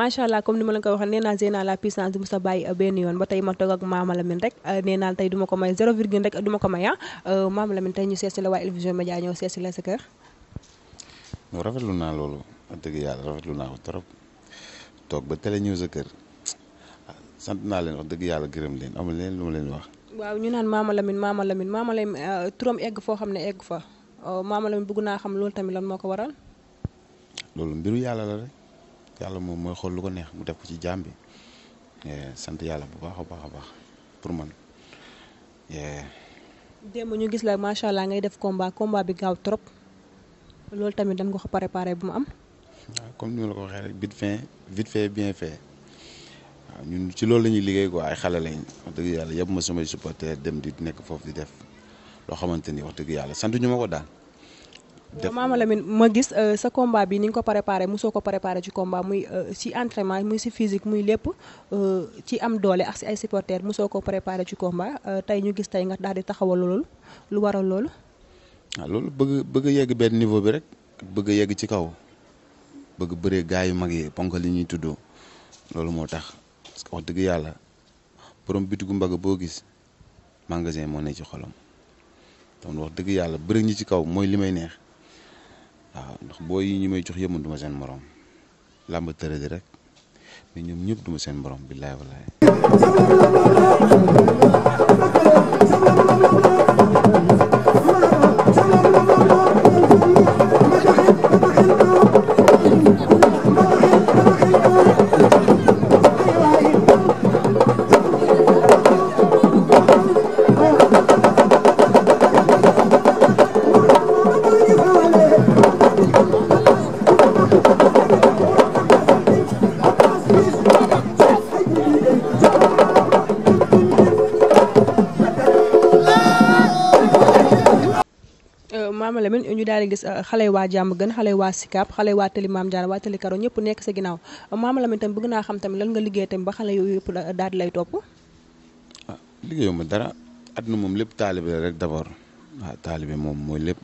macha comme ni ma leen ko waxee neena naa la puissance du Moussa Baye ben yon ba tay ma tok ak Mama Lamine rek neena tay duma ko may 0 virgule rek duma ko may euh Mama Lamine tay ñu seet si la waa El Vision ñëw seet la sa keur non rafetlu na lolu deug yàlla rafetlu na ko torop tok ba télé ñëw sa keur sant na len wax deug yàlla gërëm len amul len luma len wax. waaw ñu naan Mama Lamine Mama Lamine Mama Lamine turam egg fo xamne egg fa Mama Lamine bëgg naa xam lolu tamit lan moko waral. lolu mbiru yàlla la rek. yàlla mo mooy xool lu ko neex mu def ko ci jaam bi eh, sant yàlla bu baax a baax pour man. Eh. ñu gis la allah ngay def combat combat bi gaaw trop loolu tamit dañ ko ko préparé bu mu am. waaw ah, comme ni ma la ko waxee rek vite fait vite fait bien fait ah, ñun ci loolu la liggéey ay lañ wax ma supporter dem di nekk foofu di def loo xamante ni wax dëgg yàlla sant ko daal. Maama Lamine ma gis euh, sa combat bi ni nga ko préparer muso ko préparer ci combat muy euh, ci entraînement muy ci physique muy lepp euh, ci am doole ak ci ay supporters muso ko préparer ci combat tay ñu gis tay nga daal di taxawal lool lu waral lool ah, lool bëgg bëgg yegg ben niveau bi rek bëgg yegg ci kaw bëgg bëree gaay yu mag yi ponk li ñuy tuddoo lool mo tax wax dëgg yalla borom bitigu mbaga bo gis magasin mo ne ci xolam tam wax dëgg yalla bëri ñi ci kaw moy limay neex. waaw ndax booy yi ñu may jox yëpp man du seen morom làmb tëre rek mais ñoom ñëpp duma seen morom billaay wallaay gis euh, xale waa jàmm gën xale waa Sicap xale waa Tali Maam Jaara waa Tali Karo ñëpp nekk sa ginnaaw Mama Lamine tam bëgg naa xam tamit lan nga liggéey tamit ba xale yooyu yëpp euh, daal di lay ah, ma dara àdduna moom lépp taalibe la rek d'abord waaw ah, taalibe moom mooy lépp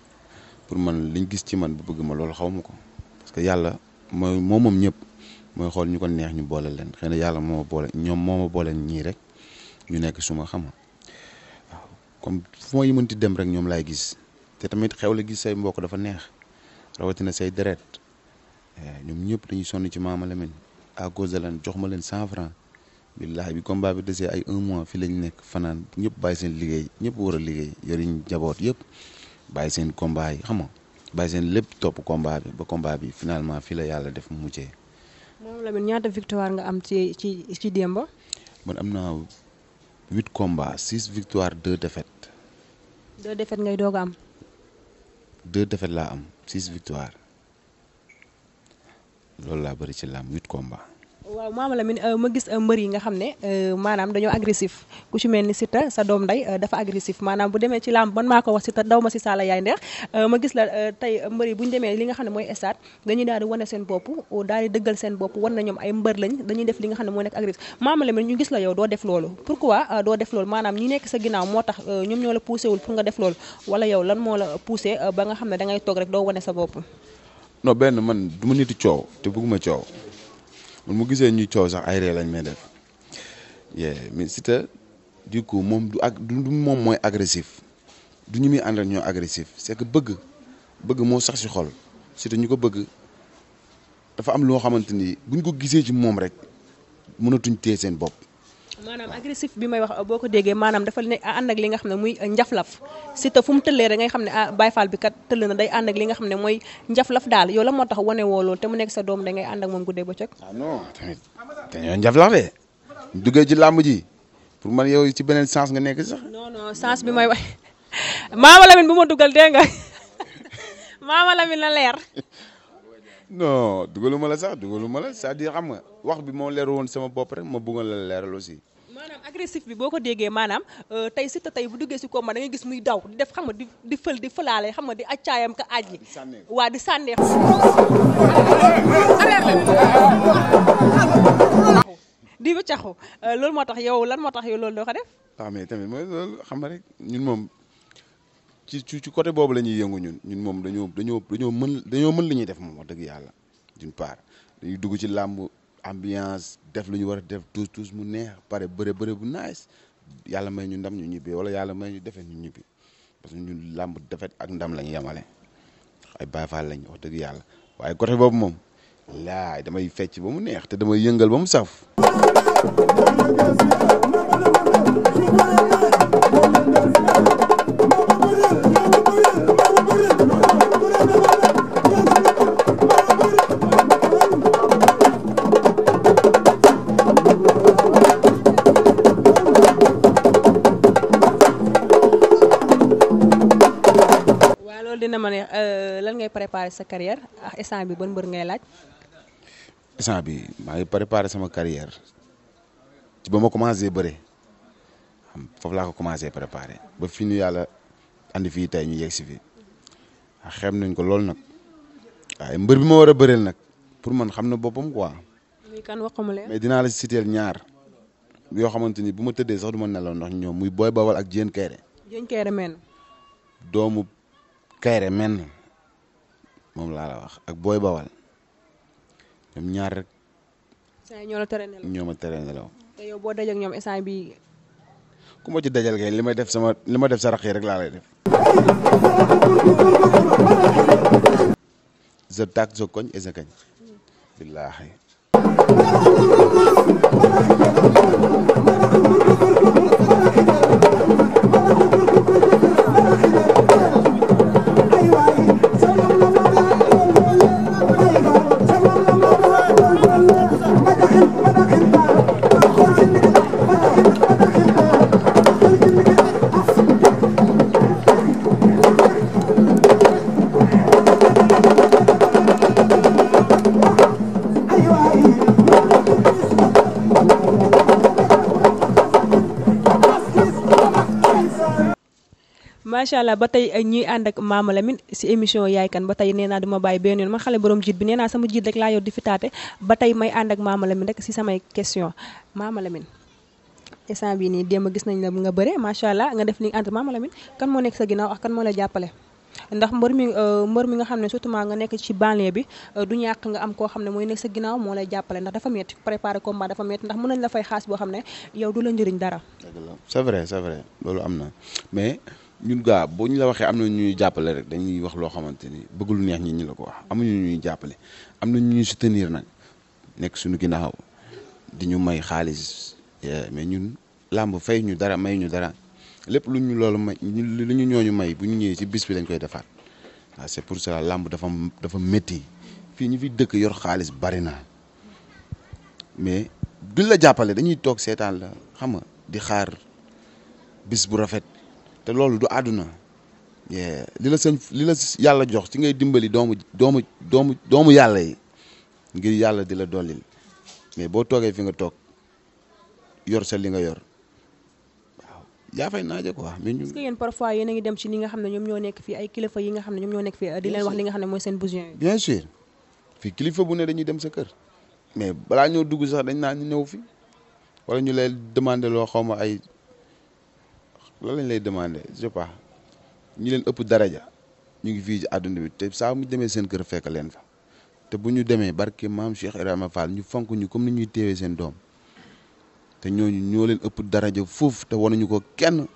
pour man liñ gis ci man bu bëgg ma loolu xaw ma ko parce que yàlla mooy moo moom ñëpp mooy xool ñu ko neex ñu boole leen xëy yàlla moo ma boole ñoom moo ma boole ñii rek ñu nekk suma xama waaw comme fu ma yi dem rek ñoom laay gis te tamit xew la gis say mbokk dafa neex rawatina say deret eh, ñoom ñëpp dañuy sonn ci Mama Lamine à cause de lan jox ma leen cent franc billahi bi combat bi desee ay un mois fi lañ nekk fanaan ñëpp bàyyi seen liggéey ñëpp war a liggéey yoriñ njaboot yëpp bàyyi seen combat yi xama nga bàyyi seen lépp topp combat bi ba combat bi finalement fii la yàlla def mu mujjee. Mama Lamine ñaata victoire nga am ci ci ci démb. man am na huit combats six victoires deux défaites. deux défaites deux défaites laa am six victoire loolu laa bëri ci làmb huit combats. waaw maama Lamine euh, ma gis euh, mbër yi nga xam ne euh, maanaam dañoo agressif ku ci mel ni Siteu sa doom nday dafa agressif maanaam bu demee ci làmb man maa ko wax Siteu daw ma si saala yaay ndeex ma gis la tey mbër yi demee li nga xam ne mooy stade dañuy daal di wane seen bopp daal di dëggal seen bopp wan na ñoom ay mbër lañ dañuy def li nga xam ne moo nekk agressif maama ñu gis la yow doo def loolu pourquoi doo def loolu maanaam ñi nekk sa ginnaaw moo tax ñoom ñoo la poussé wul pour nga def loolu wala yow lan moo la poussé ba nga xam ne dangay toog rek doo wane sa bopp non benn man du ma niti coow te bëgguma coow man mu gisee ñuy coow sax ay ree lañ may def yee mais Siteu du moom du ak du moom mooy agressif du ñu muy àndal ñoo agressif c'est que bëgg bëgg moo sax si xol Siteu ñu ko bëgg dafa am loo xamante ni buñ ko gisee ci moom rek mënatuñ téye seen bopp manam agressif bi may wax uh, boko dege manam dafa ne and uh, ak li nga xamne muy uh, njaflaf ci te fum mu rek ngay xamne bay Fall bi kat tëll na day and ak li nga xamne ne njaflaf dal yo la moo tax wane woo te mu nek sa dom da ngay and ak mom gude ba cog ah non tamit ñoo njaflaf de duggé ci lamb ji pour man yow ci benen sens nga nek sax non non sens bi may wax mama Lamine bu ma dugal dégg nga mama Lamine la leer non dugaluma la sax dugaluma la c'est-à-dire xam nga wax bi mo leer won sama bop rek ma bugal la leeral aussi agresif agressif bi boko ko manam euh tay sita tay bu duggee si combat da nga gis muy daw di def xam di di feul di feulalé xam di accaayam ka aji wa di sané di wëccaxu euh, loolu lool motax yow lan motax yow lool do ko def ah mais tamit moy lool xam rek ñun mom ci ci côté bobu lañuy yëngu ñun ñun mom dañoo dañoo dañoo mën dañoo mën li ñuy def mom wax deug yalla d'une part dañuy dugg ci lamb ambiance def lu ñu war a def tous tous mu neex pare bëre bëre bu nice yàlla may ñu ndam ñu ñibbi wala yàlla may ñu defet ñu ñibbi parce que ñun làmb defet ak ndam lañ yemale ay Baay Faal lañ wax dëgg yàlla waaye côté boobu moom laay damay fecc ba mu neex te damay yëngal ba mu saf ngay préparé sa carrière ah instant bi ban mbër ngay laaj. instant bi maa ngi préparé sama carrière ci ba ma commencé bëre foofu laa ko commencé préparé ba fi ñu yàlla andi fii tey ñu yegg si fii ah, xem nañ ko loolu nag waaye ah, mbër bi ma war a bëreel nag pour man xam na boppam quoi. kan waxuma leen mais dinaa la citeel ñaar yoo xamante ni bu ma tëddee sax du ma nelaw ndax ñoom muy Boy Bawal ak Diène Kairé. Diène Kairé men. doomu Kairé men. moom laa la wax ak booy bawal ñoom ñaar rek. saa ñoo tere nelaw ñoo ma te yow boo dajee ak ñoom instant bi ku ma ci dajal kay li may def sama li ma def sa rax rek laa lay def. je tàgg je koñ et je gañ. macha allah ba tey eh, ñuy ànd ak maama lamine si émission yaay kan ba tey nee naa duma bàyyi benn yoon ma xale borom jiit bi nee naa sama jiit rek laa yor di fi taate ba tey may ànd ak maama lamine rek si samay question maama lamine instant bi nii démb gis nañ la nga bëre macha nga def li entre maama lamine kan moo nekk sa ginnaaw ak kan moo la jàppale ndax mbër mi euh, mbër mi nga xam ne surtout nga nekk ci banlieue bi euh, du ñàkk nga am koo xam ne mooy nekk sa ginnaaw moo lay jàppale ndax dafa metti préparer combat dafa metti ndax mën nañ la fay xaas boo xam ne yow du la njëriñ dara. c'est vrai c'est vrai loolu am na mais ñun gaa boo ñu la waxee am na ñu jàppale rek dañuy wax loo xamante ni bëgg lu ñi ñu la ko wax amuñu ñuy jàppale am na ñuy soutenir nag nekk suñu ginnaaw di ñu may xaalis eh, mais ñun làmb fay ñu dara may ñu dara lépp lu ñu loolu may lu ñu ñooñu may bu ñu ñëwee si bis bi lañ koy defaat waaw c'est pour ça làmb dafa dafa métti fii ñu fi dëkk yor xaalis bari na mais duñ la jàppale dañuy toog seetaan la xam nga di xaar bis bu rafet. te loolu du àdduna li la seen la yàlla jox ci ngay dimbali doomu doomu doomu doomu yàlla yi ngir yàlla di la dollil mais boo toogee fi nga toog yor sa li nga yor waaw yaa fay naaje quoi. mais ñu est-ce a ngi dem ci ñi xam ne ñoom ñoo nekk fii kilifa yi nga xam ne ñoom ñoo nekk fii di leen wax li nga ne mooy seen besoin yi. fii kilifa bu ne dañuy dem sa kër mais balaa ñoo dugg sax dañ naa ñu ñëw fi wala ñu lay demander loo xaw ma ay. lan lañ lay demande je pas ñi leen ëpp daraja ñu ngi fii ci àdduna bi te saa mu demee seen kër fekk leen fa te bu ñu demee barke maam Cheikh Ibrahima Fall ñu fonk ñu comme ni ñuy téewee seen doom te ñooñu ñoo leen ëpp daraja foofu te wanuñu ko kenn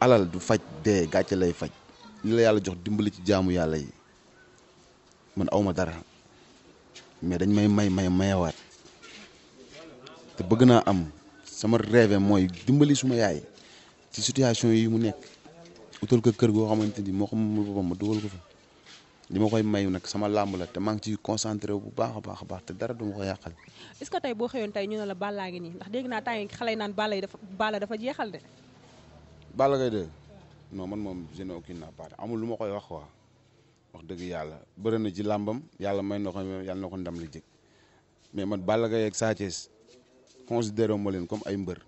alal du faj dee gàcce lay faj ñu la yàlla jox dimbali ci jaamu yàlla yi man awma dara mais dañ may may may mayawaat te bëgg naa am sama rêve mooy dimbali suma yaay ci situation yi mu nekk utal ko kër goo xamante ni moo xam mu boppam ma dugal ko fa li ma koy mayu nag sama làmb la te maa ngi ciy concentré bu baax a baax a baax te dara du ma ko yàqal. est tey boo xëyoon tey ñu ne la Balla ngi nii ndax dégg naa temps yi xale yi naan Balla dafa Balla jeexal de. Balla Gaye de non man moom je n'ai aucune part amul lu ma koy wax quoi wax dëgg yàlla bëri na ci làmbam yàlla may na ko yàlla na ko ndam li jëkk mais man Balla Gaye ak Sa Thiès considéré ma leen comme ay mbër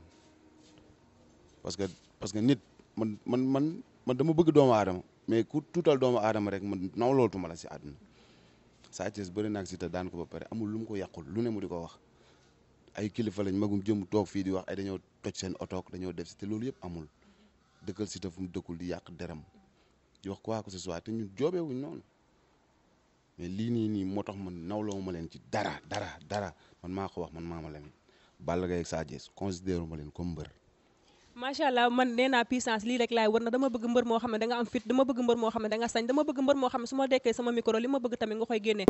parce que nit man man man man dama bëgg doomu adam mais ku tutal doomu adam rek man naw nawlootuma la ci aduna Sa Thiès bëri naag si te daan ko ba pare amul lu mu ko yakul lu ne mu diko wax ay kilifa lañ magum jëm tok fi di wax ay dañoo toj seen ak dañoo def ci te loolu yëpp amul dekkal ci ta fu mu dekkul di yak deram di wax quoi que ce soit te jobé wuñ non mais li ni ni moo tax man nawloo ma leen ci dara dara dara man maa ko wax man maa ma leen Balla Gaye ak Sa Thiès considéré ma leen comme beur masha allah man nee naa puissance lii rek laay wër na dama bëgg mbër moo xam ne da nga am fit dama bëgg mbër moo xam ne da nga sañ dama bëgg mbër moo xam ne su ma dekkee sama micro li ma bëgg tamit nga koy génne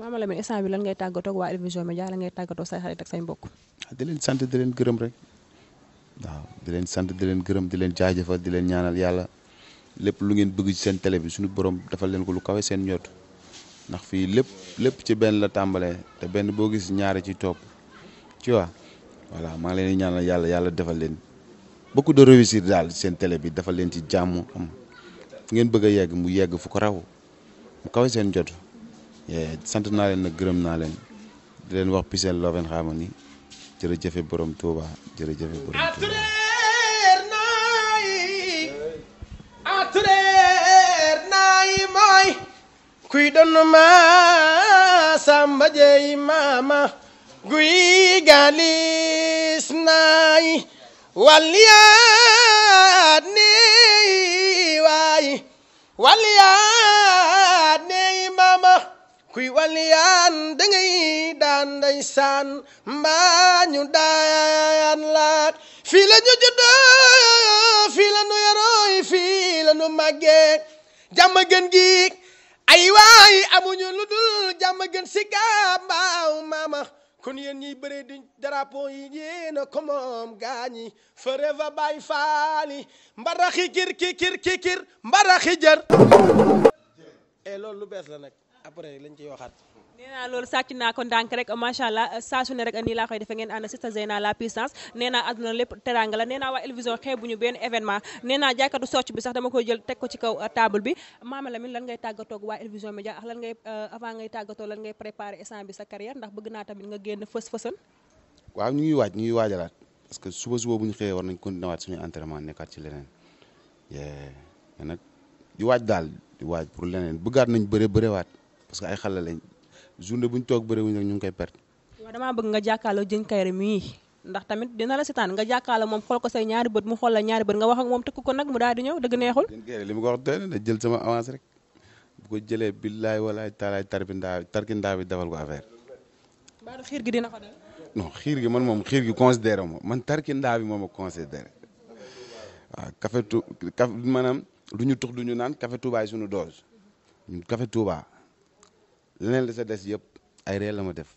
Mama Lamine instant bi lan ngay tàggatoo ak waa El Vision Médias la ngay tàggatoo say xarit ak say mbokk ah, di leen sant di leen gërëm rek waaw di leen sant di leen gërëm di leen jaajëfal di leen ñaanal yàlla lépp lu ngeen bëgg ci seen télé bi suñu borom defal leen ko lu kawe seen ñott ndax fii lépp lépp ci benn la tàmbalee te benn boo gis ñaari ci topp tu vois voilà maa ngi leen di ñaanal yàlla yàlla defal leen beaucoup de réussir daal seen télé bi defal leen ci jàmm fu ngeen bëgg a yegg mu yegg fu ko raw mu kawe seen jot eh, sant naa leen nag gërëm naa leen di leen wax Picel Lovin xaama ni jërëjëfe borom Touba jërëjëfe borom Touba kuy donn ma samba jeey maama guy galis naay waliyaat ney waay waliyaat ney maama kuy waliyaan dangay daan day saan mbaa ñu daan laat fii la ñu juddoo fii la ñu yarooy fii la ñu màggee jàmm gën gi ay waay amuñu lu dul jàmm gën si gaa mbaaw maama kon yéen ñi bëree di drapeau yi yéen a ko moom gaañi Forever Baye Fall yi mbaraxi kir kir kir kir kir mbaraxi jër. et eh, loolu lu bees la nag après lañ ciy waxaat. nee naa loolu sàcc naa ko ndànk rek macha allah saa su ne rek nii laa koy defee ngeen ànd Sista Zeyna la puissance nee naa àdduna lépp teranga la nee naa waa El Vision xeebuñu benn événement nee naa jaaykatu socc bi sax dama koy jël teg ko ci kaw uh, table bi Mama Lamine lan ngay tàggatoog waa El Vision Média lan ngay uh, avant tàggatoo lan ngay préparer instant sa carrière ndax bëgg naa tamit nga génn fës fësan waaw ñu waaj ñu ngi waajalaat parce que suba suba bu ñu xëyee war nañ continuer waat suñu entraînement nekkaat ci leneen mais nag daal di pour leneen bëggaat nañ bëre bëre waat parce que lañ journée bu toog bëre wuñ rek ñu ngi koy perte. waaw bëgg nga jàkkaarloo Dieng Kaïré mii ndax tamit dina la setaan nga jàkkaarloo moom xool ko say ñaari bët mu xool la ñaari bët nga wax ak moom tëkk ko nag mu daal di ñëw dëgg neexul. Dieng Kaïré ko wax doy na bu ko jëlee billaay walaay taalaay tarbindaa bi defal ko xiir gi dina ko xiir gi man moom xiir gi considéré ma man tarkindaa bi moom a considéré waaw café tu tux du ñu naan café Touba yi leneen li sa des yëpp ay ree la ma def.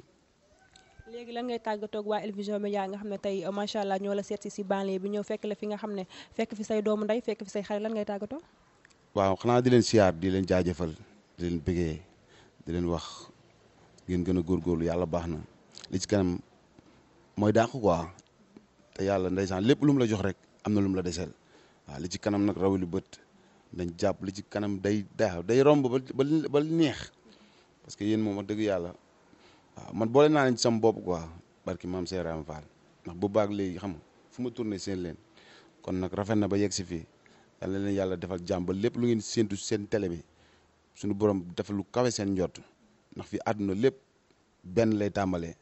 léegi lan ngay tàggatoog waa El Vision Médias nga xam ne tey euh, macha allah ñoo la seet si si banlieue bi ñëw fekk la fi nga xam ne fekk fi say doomu ndey fekk fi say xarit lan ngay tàggatoo. waaw xanaa di leen siyaar di leen jaajëfal di leen bëggee di leen wax ngeen gën a góorgóorlu yàlla baax na li ci kanam mooy dàq quoi te yàlla ndeysaan lépp lu la jox rek am na lu la deseel waaw li ci kanam nag rawatina bët dañ jàpp li ci kanam day day romb ba neex. parce que yéen moom wax dëgg yàlla waaw man boole naa leen ci sama bopp quoi barki maam Seeraam Fall ndax bu baax léegi xam nga fu ma tourné seen leen kon nag rafet na ba yegg si fii yal na yàlla defal jàmm ba lépp lu ngeen séentu seen télé bi suñu borom defal lu kawe seen njot ndax fi àdduna lépp benn lay tàmbalee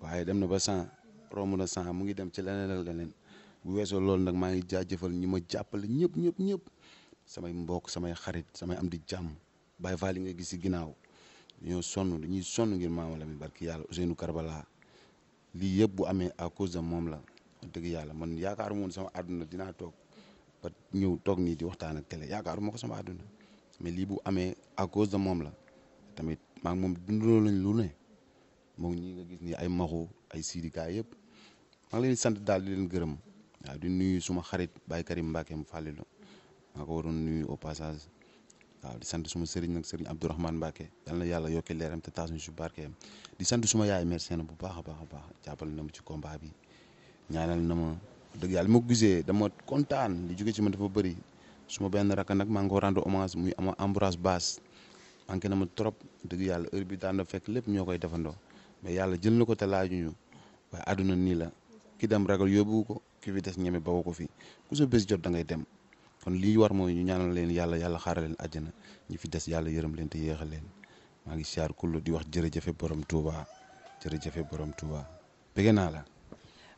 waaye dem na ba cent romb na cent mu ngi dem ci leneen leneen bu weesoo loolu nag maa ngi jaajëfal ñi ma jàppale ñëpp ñëpp samay mbokk samay xarit samay am di jàmm Baay Faal yi nga gis si ginnaaw dañoo sonn dañuy sonn ngir maama Lamine barki yàlla Ousseynou Karbala lii yëpp bu amee à cause de moom la dëgg yàlla man yaakaaruma woon sama àdduna dinaa toog ñëw toog nii di waxtaan ak télé yaakaaruma ko sama àdduna mais lii bu amee à cause de moom la tamit maa ngi moom dundaloo lañ lu ne moom ñi nga gis nii ay maxu ay siidikaay yëpp maa ngi leen sant daal di leen gërëm waaw di nuyu suma xarit Baye Karim Mbacké Fallilou maa ko waroon nuyu au passage waaw di sant suma sëriñ nag sëriñ Abdourahmane mbake yal na yàlla yokki leeram te taas ñu di sant suma yaay mère Sène bu baax a baax a baax jàppale na ma ci combat bi ñaanal na ma dëgg yàlla ma ko gisee dama kontaan li jóge ci man dafa bëri suma benn nag maa ngi rendre hommage muy ama ambrage basse manqué na ma trop dëgg yàlla heure bi daan na fekk lépp ñoo koy defandoo mais yàlla jël na ko te laajuñu waaye àdduna nii la ki dem ragal yóbbu ko ki fi des ñeme bawu fi ku sa bés jot da ngay dem kon lii war mooy ñu ñaanal leen yàlla yàlla xaaral leen àjjana ñi fi des yàlla yërëm leen te yéexal leen maa ngi siyaar kullu di wax jërëjëfe borom Touba jërëjëfe borom Touba bëgg naa la.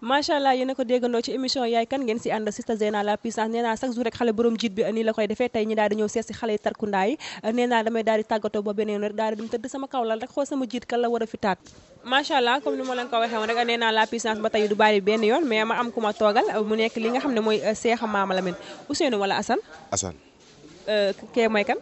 macha allah yéen a ko déggandoo ci émission yaay kan ngeen si ànd sista Zeyna la puissance nee naa chaque jour rek xale borom jiit bi nii la koy defee tey ñi daal di ñëw seet si xale yi tarkundaa a nee naa damay daal di tàggatoo ba beneen rek daal di dem tëdd sama kawlal rek xool sama jiit kan la war a fi taat macha allah comme ni ma leen ko waxee woon rek nee naa la puissance ba tey du bàyyi benn yoon mais ma am ku ma toogal mu nekk li nga xam ne mooy seexa maama la men Ousseynou wala Assane Assane euh, kee kan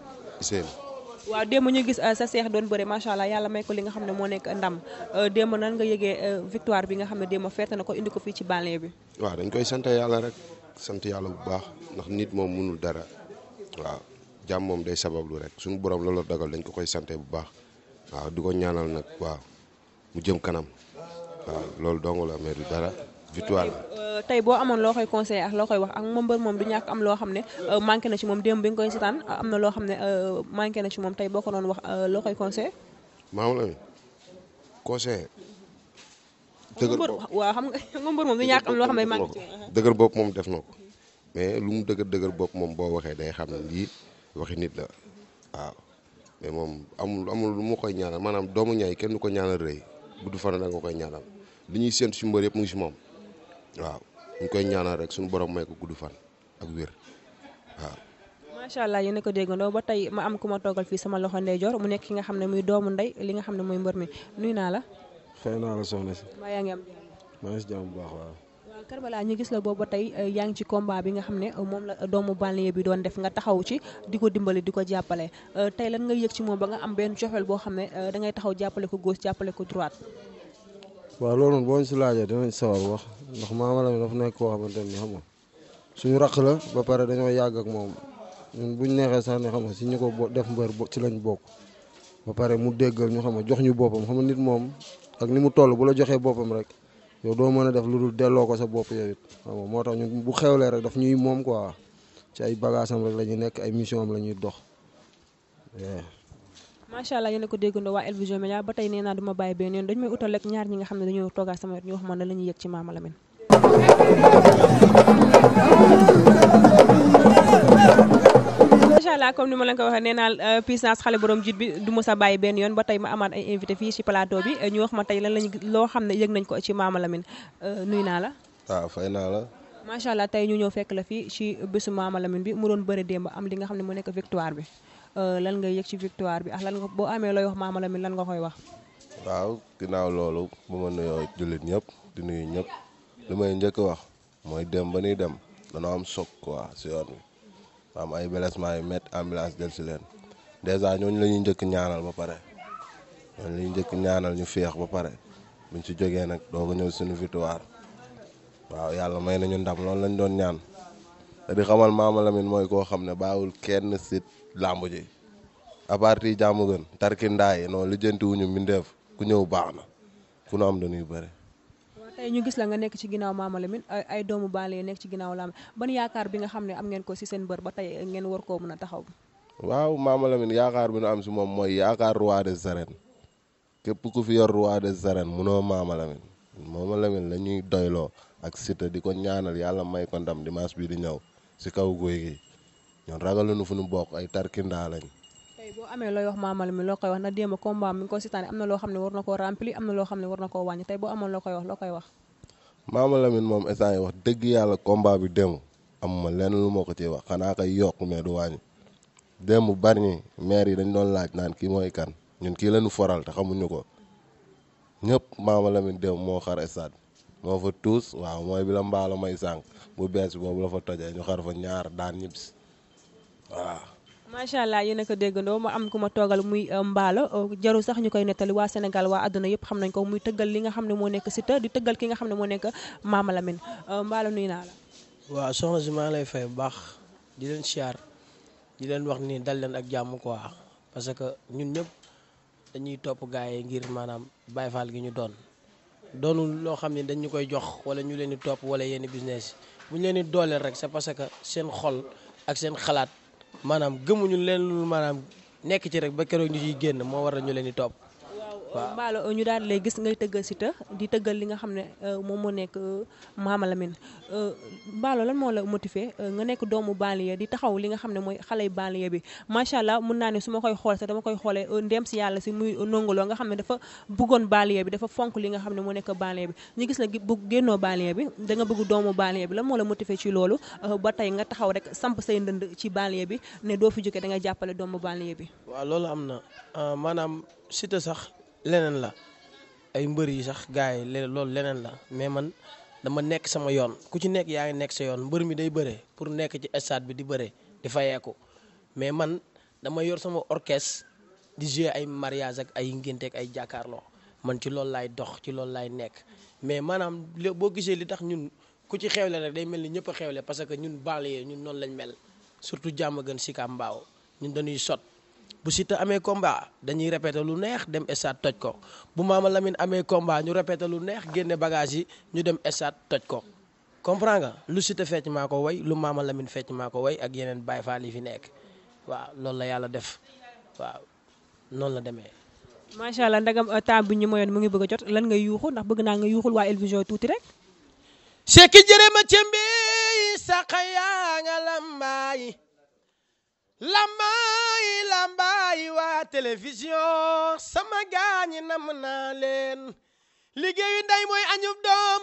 waaw démb ñu gis euh, sa seex doon bëre macha allah yàlla may ko li nga xam ne moo nekk ndam euh, démb nan nga yëgee euh, victoire bi nga xam ne démb feete na ko indi ko fii ci Bale bi. waaw dañ koy sante yàlla rek sant yàlla bu baax ndax nit moom mënul dara waaw jàmm moom day sabablu rek suñu borom loolu dagal dañ ko koy sante bu baax waaw di ko ñaanal nag waaw mu jëm kanam waaw loolu dong la mais du dara. victoire la. Euh, tey boo amoon loo koy conseillé ak loo koy wax ak moom mbër moom du ñàkk am loo xam ne euh, manqué na ci moom démb bi nga koy seetaan euh, am na loo xam ne manqué na ci moom tey boo ko doon wax loo koy conseillé. maam la mi conseillé. dëgër bopp xam nga mbër moom am loo xam ne manqué ci dëgër moom def na ko mais lu mu dëgër dëgër bopp moom boo waxee day xam ne lii waxi nit la waaw mais moom amul amul lu mu koy ñaanal maanaam doomu ñaay kenn du ko ñaanal rëy bu du fana da nga koy ñaanal li ñuy séntu si mbër yëpp mu ngi si moom waaw ñu koy ñaanal rek suñu borom may ko gudd fan ak wér waaw allah ko déggandoo ba tey ma am ku ma toogal fii sama loxo ndeyjoor mu nekk ki nga xam ne muy doomu ndey li nga xam ne mooy mbër mi nuyu naa la. fay naa la soxna si. maa yaa ngi am maa ngi jàmm bu baax waaw. Karbala ñu gis la tey eh, yaa ngi ci combat bi nga xam ne eh, moom la eh, doomu bi doon def nga taxaw ci di ko dimbali di ko jàppale tey lan nga yëg ci moom ba nga am benn cofeel boo xam ne da ngay taxaw jàppale ko gauche jàppale ko droite. waaw loolu boo ñu si laajee dinañ sawar wax ndax Mama Lamine dafa nekk koo xamante ni xam nga suñu raq la ba pare dañoo yàgg ak moom buñ neexee sax ne xam nga si ñu ko def mbër ci lañ bokk ba pare mu déggal ñu xam nga jox ñu boppam xam nga nit moom ak ni mu toll bu la joxee boppam rek yow doo mën a def lu dul delloo ko sa bopp yow it moo tax ñu bu xewlee rek daf ñuy moom quoi ci ay bagage am la ñuy nekk ay mission am la ñuy dox macha allah yéen ko déggandoo waa El Vision Médias ba tey nee naa duma bàyyi benn yoon dañu may utal rek ñaar comme ni ma leen ko waxee neenaa naa euh, puissance xale borom jiit bi du ma sa bàyyi benn yoon ba tey ma amaat ay invité fii ci plateau bi ñu wax ma tey lan lañ loo xam ne yëg nañ ko ci Mama euh, nuyu naa la. waaw ah, fay naa la. macha tey ñu ñëw fekk la fii ci bésu Mama Lamine bi mu doon bëri démb am li nga xam ne mu nekk victoire bi. Euh, lan ngay yëg ci victoire bi ak lan nga boo amee looy wax Mama Lamine lan nga koy wax. waaw ginnaaw loolu bu ma nuyoo jullit ñëpp di nuyu ñëpp li may njëkk wax mooy dem ba nuy dem danoo am choc quoi si yoon bi am ay blessement yu métti ambulance del si leen dèjà ñooñu la ñuy njëkk ñaanal ba pare ñooñu lañu ñuy ñaanal ñu féex ba pare buñ si jógee nag doo ko ñëw suñu victoire waaw yàlla may nañu ndam loolu lañ doon ñaan te di xamal Mama mooy koo xam ne bàyyiwul kenn sit làmb ji à partir jàmm gën tarki ndaay non lijjanti wuñu mbindeef ku ñëw baax na ku nu am dañuy bëre. tey ñu gis la nga nekk ci ginnaaw Mama Lamine ay doomu baale yi nekk ci ginnaaw làmb ban yaakaar bi nga xam ne am ngeen ko si seen bër ba tey ngeen war koo mën a taxaw. waaw Mama Lamine yaakaar bi nu am si moom mooy yaakaar roi des képp ku fi yor roi des arènes munoo Mama Lamine Mama la ñuy doyloo ak Siteu di ko ñaanal yàlla may ko ndam dimanche bii di ñëw si kaw góoy gi. ñoon ragaluñu fu ñu bokk ay tarkindaa lañ. tey boo amee looy wax maamala mi loo koy wax na démb combat mi ngi ko sitaane am na loo xam ne war na koo rempli am na loo xam ne war na koo wàññi tey boo amoon loo koy wax loo koy wax. Maama Lamine moom instant yi wax dëgg yàlla combat bi démb amuma lenn lu moo ko ciy wax xanaa kay yokk mais du wàññi démb bari ñi maire yi dañ doon laaj naan kii mooy kan ñun kii lañu foral te xamuñu ko ñëpp Maama Lamine démb moo xar stade moo fa tuus waaw mooy bi la mbaala may sànq bu bees boobu la fa tojee ñu xar fa ñaar daan ñibbisi waa macha allah yéen a ko déggandoo ma am ku ma toogal muy euh, mbaalo euh, jarul sax ñu koy nettali waa Sénégal waa àdduna yëpp xam nañ ko muy tëggal li nga xam ne moo nekk Siteu di tëggal ki nga xam ne moo nekk Mama Lamine euh, mbaalo nuyu naa la. waaw soxna si maa lay fay bu baax di leen siyaar di leen wax ni dal leen ak jàmm quoi parce que ñun ñëpp dañuy topp gaa yi ngir maanaam Baye Fall gi ñu doon doonu loo xam ne dañ ñu koy jox wala ñu leen di topp wala yenn business bu ñu leen dooleel rek c'est parce que seen xol ak seen xalaat. maanaam gëmuñu leen lu maanaam nekk ci rek ba keroog ñu ciy génn moo waral ñu leen di topp mbaalo ñu daal lay gis ngay tëggal Siteu di tëggal li nga xam ne euh, moom moo nekk euh, Mama Lamine mbaalo euh, lan moo la motivé nga nekk doomu banlieue di taxaw li nga xam ne mooy xale yu banlieue bi macha allah mun naa ne su ma koy xool sax dama koy xoole ndem si yàlla si muy nongoloo nga xam ne dafa bëggoon banlieue bi dafa fonk li nga xam ne moo nekk banlieue bi ñu gis la bu génnoo banlieue bi da bëgg doomu banlieue bi lan moo la motivé ci loolu ba tey nga taxaw rek samp say ndënd ci banlieue bi ne doo fi jóge da nga jàppale doomu banlieue bi waaw am na maanaam Siteu sax leneen la ay mbër yi sax gars yi loolu leneen la mais man dama nekk sama yoon ku ci nekk yaa ngi nekk sa yoon mbër mi day bëre pour nekk ci stade bi di bëre di fayeeku mais man damay yor sama orchestre di jouer ay mariage ak ay ngénte ak ay jàkkaarloo man ci loolu laay dox ci loolu laay nekk mais maanaam boo gisee li tax ñun ku ci xewle rek day mel ni ñëpp xewle parce que ñun yee ñun noonu lañ mel surtout jàmm gën si Kambaaw ñun dañuy sot bu Siteu amee combat dañuy répété lu neex dem stade toj ko bu Maama Lamine amee combat ñu répété lu neex génne bagage yi ñu dem stade toj ko comprends nga lu Siteu fecc maa ko way lu a Lamine fecc maa ko way ak yeneen Baye Fall yi fi nekk waaw loolu la yàlla def waaw noonu la demee. macha allah ndagam euh, temps bi ñu mayoon mu ngi bëgg a jot lan nga yuuxu ndax bëgg naa nga yuuxul waa El Vision tuuti rek. Cheikh Jërëma Cembe yi sax yaa nga lambaay lambaay lambaay waa télévision sama gaañi nam naa leen liggéeyu ndey mooy añub doom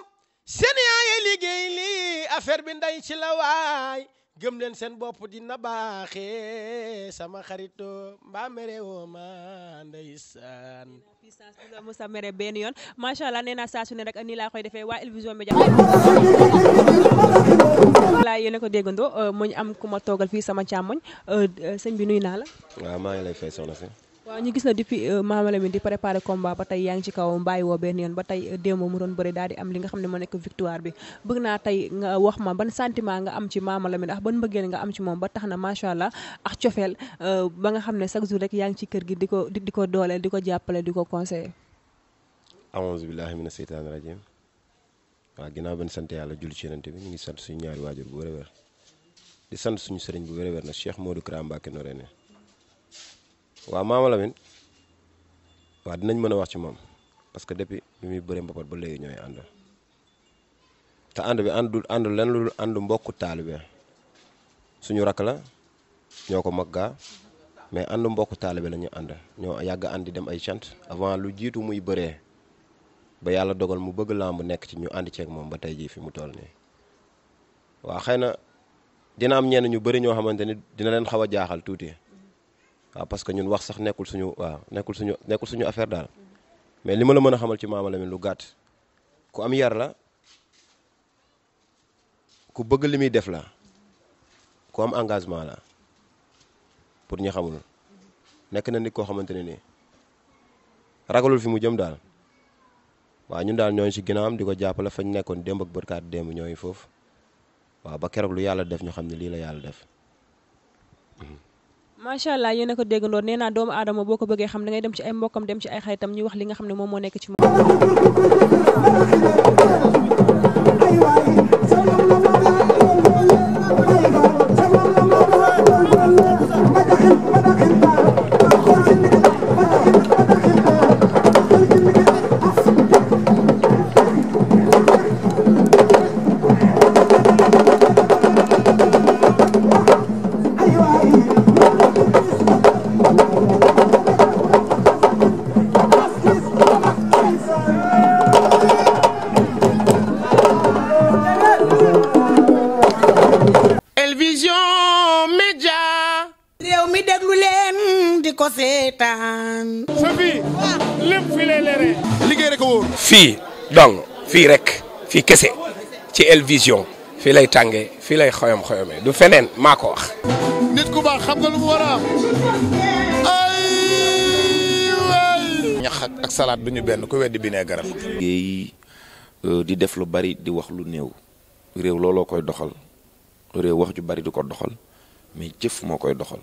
seen yaay liggéey lii affaire bi ndey ci la waay gëm leen seen bopp dina baaxee sama xarito mbaa mere woo ma ndeysaan Moussa mere benn yoon macha allah nee naa saa ne rek nii laa koy defee waa El Vision Médias laa yéen ne ko déggandoo euh, mu am ku ma toogal fii sama càmmoñ euh, euh, sëñ bi nuy naa la waaw maa lay fay soxna waaw ñu gis na depuis euh, Mama Lamine di préparé combat ba tey yaa ngi ci kawam bàyyi woo benn yoon ba tey euh, démb mu doon bëri daal di am li nga xam ne moo nekk victoire bi bëgg naa tey nga wax ma ban sentiment nga am ci Mama Lamine ak ban mbëggeel nga am ci moom ba tax na macha allah ak cofeel euh, ba nga xam ne chaque jour rek yaa ngi ci kër gi di ko di ko dooleel di ko jàppale di ko conseillé aouzu billahi mina seytaani rajim waaw ginnaaw benn sant yàlla julli ci yonent bi ñu ngi sant suñu ñaari waajur bu wér a wér di a wér nag Cheikh waaw Maama Lamine waaw dinañ mën a wax ci moom parce que depuis bi muy bëree ba léegi ñooy ànd te ànd bi àndul àndul lenn lu àndu mbokku taalibe suñu rakk la ñoo ko mag mais ànd mbokku taalibe la ñu ànd ñoo yàgg ànd dem ay cant avant lu jiitu muy bëree ba yàlla dogal mu bëgg làmb nekk ci ñu ànd ceeg moom ba tey jii fi mu toll nii waaw xëy na dina am ñenn ñu bëri ñoo xamante ni dina leen xaw a jaaxal tuuti. waaw parce que ñun wax sax nekkul suñu waaw nekkul suñu nekkul suñu affaire daal mais li ma la mën a xamal ci Maama Lamine lu gàtt ku am yar la ku bëgg li muy def la ku am engagement la pour ñi xamul nekk na nit koo xamante ne nii ragalul fi mu jëm daal waaw ñun daal ñooñu ci ginnaawam di ko jàppale fañ nekkoon démb ak bërkaat démb ñooñu foofu waaw ba keroog lu yàlla def ñu xam ne lii la yàlla def. macha allah yéen a ko déggandoor nee naa doomu aadama boo ko bëggee xam da dem ci ay mbokkam dem ci ay xaritam ñu wax li nga xam ne moom moo nekk ci moom leen di ko seetaan. sa fii lépp fi lay leeree. liggéey rek a wóor. fii donc fii rek fii kese ci El Vision fii lay tàngee fii lay xoyom xoyomee du feneen maa ko wax. nit ku baax xam nga lu mu war ay salaat du ñu benn ku weddi bi euh, di def lu bari di wax lu néew. réew looloo koy doxal réew wax ju bari di ko doxal mais jëf moo koy doxal.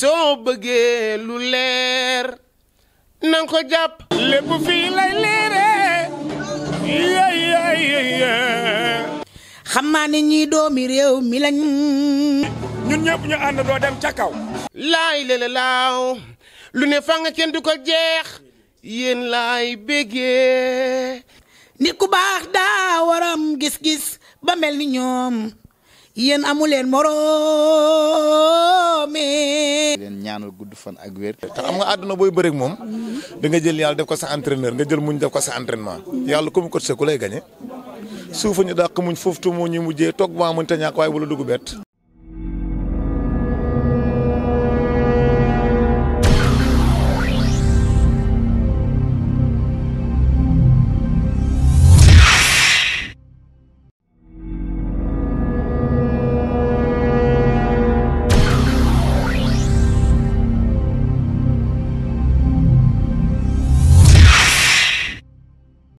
soo bëggee lu leer nanga ko jàpp lépp fii lay leere xam naa ni ñii doomi réew mi lañ ñun ñëpp ñu ànd doo dem ca kaw laay lëla laaw lu ne fa nga kenn du ko jeex yéen laay béggee nit ku baax daa waram gis-gis ba mel ni ñoom yéen amu leen moroomee. ñaan ñaanal gudd fan ak wér. te xam nga àdduna booy bëreeg moom. da nga jël yàlla def ko sa entraîneur nga jël muñ def ko sa entraînement. yàlla comme coach ku lay gañe suufa ñu dàq muñ foofu tuuma ñu mujjee toog maa muñ te ñàkk waay wala dugg bett.